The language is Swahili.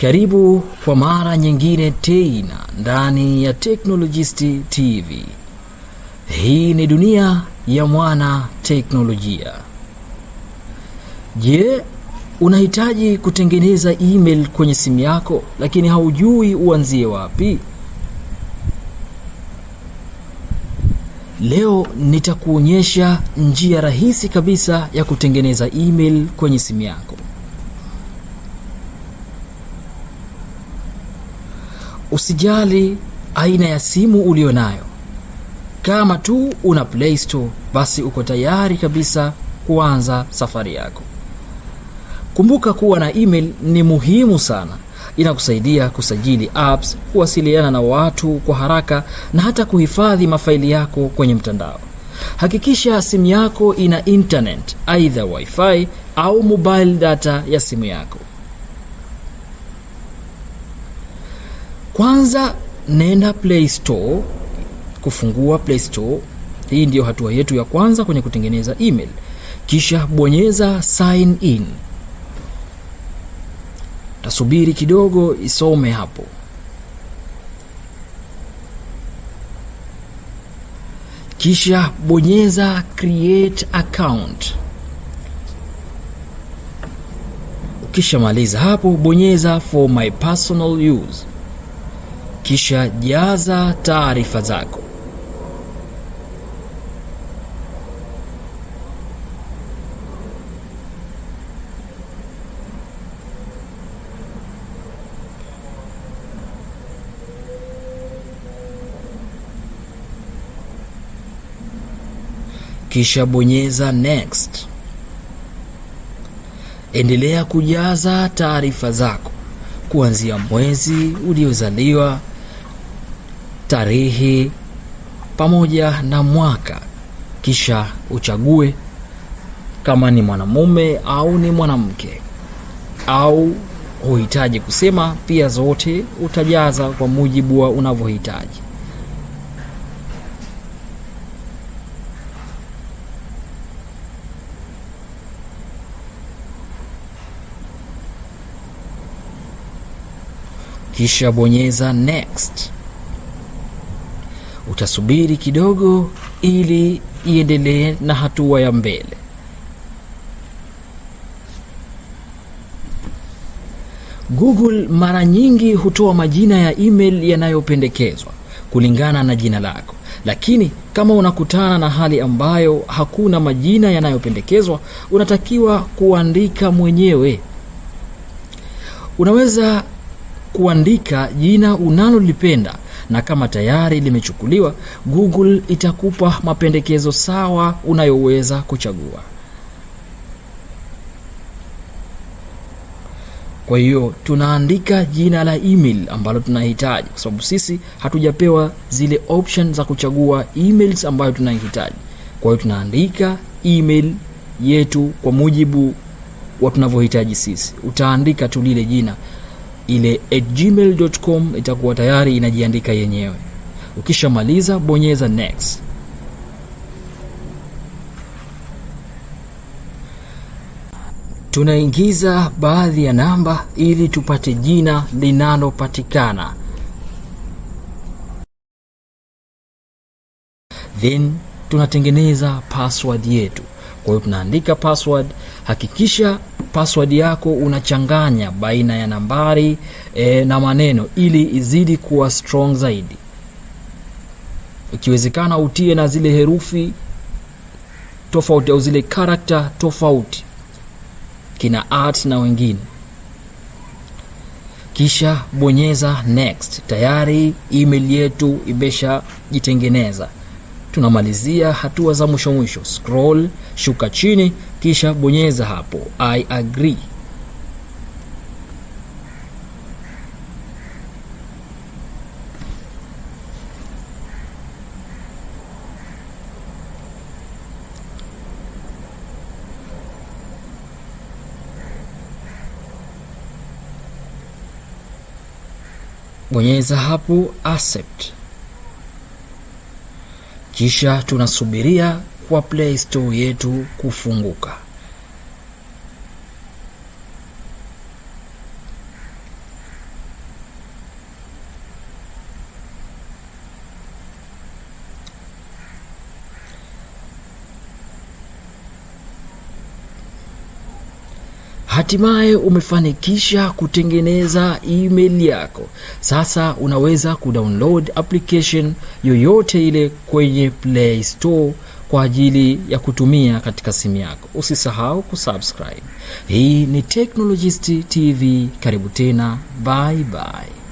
Karibu kwa mara nyingine tena ndani ya Technologist TV. Hii ni dunia ya mwana teknolojia. Je, unahitaji kutengeneza email kwenye simu yako lakini haujui uanzie wapi? Leo nitakuonyesha njia rahisi kabisa ya kutengeneza email kwenye simu yako. Usijali aina ya simu ulio nayo, kama tu una Play Store basi uko tayari kabisa kuanza safari yako. Kumbuka kuwa na email ni muhimu sana, inakusaidia kusajili apps, kuwasiliana na watu kwa haraka na hata kuhifadhi mafaili yako kwenye mtandao. Hakikisha simu yako ina internet, aidha wifi au mobile data ya simu yako. Kwanza nenda Play Store, kufungua Play Store. Hii ndiyo hatua yetu ya kwanza kwenye kutengeneza email. Kisha bonyeza sign in, tasubiri kidogo isome hapo. Kisha bonyeza create account. Ukishamaliza hapo, bonyeza for my personal use kisha jaza taarifa zako. Kisha bonyeza next. Endelea kujaza taarifa zako kuanzia mwezi uliozaliwa, tarehe pamoja na mwaka, kisha uchague kama ni mwanamume au ni mwanamke, au huhitaji kusema pia, zote utajaza kwa mujibu wa unavyohitaji. Kisha bonyeza next utasubiri kidogo ili iendelee na hatua ya mbele. Google mara nyingi hutoa majina ya email yanayopendekezwa kulingana na jina lako, lakini kama unakutana na hali ambayo hakuna majina yanayopendekezwa, unatakiwa kuandika mwenyewe. Unaweza kuandika jina unalolipenda na kama tayari limechukuliwa, Google itakupa mapendekezo sawa unayoweza kuchagua. Kwa hiyo tunaandika jina la email ambalo tunahitaji, kwa sababu sisi hatujapewa zile option za kuchagua emails ambayo tunahitaji. Kwa hiyo tunaandika email yetu kwa mujibu wa tunavyohitaji sisi. Utaandika tu lile jina ile at gmail.com itakuwa tayari inajiandika yenyewe. Ukishamaliza bonyeza next. Tunaingiza baadhi ya namba ili tupate jina linalopatikana, then tunatengeneza password yetu. Kwa hiyo tunaandika password. Hakikisha password yako unachanganya baina ya nambari e, na maneno ili izidi kuwa strong zaidi. Ikiwezekana utie na zile herufi tofauti au zile character tofauti, kina art na wengine. Kisha bonyeza next. Tayari email yetu imeshajitengeneza tunamalizia hatua za mwisho mwisho. Scroll, shuka chini, kisha bonyeza hapo I agree. Bonyeza hapo accept kisha tunasubiria kwa Play Store yetu kufunguka. Hatimaye umefanikisha kutengeneza email yako. Sasa unaweza kudownload application yoyote ile kwenye Play Store kwa ajili ya kutumia katika simu yako. Usisahau kusubscribe. Hii ni Technologist TV. Karibu tena, bye bye.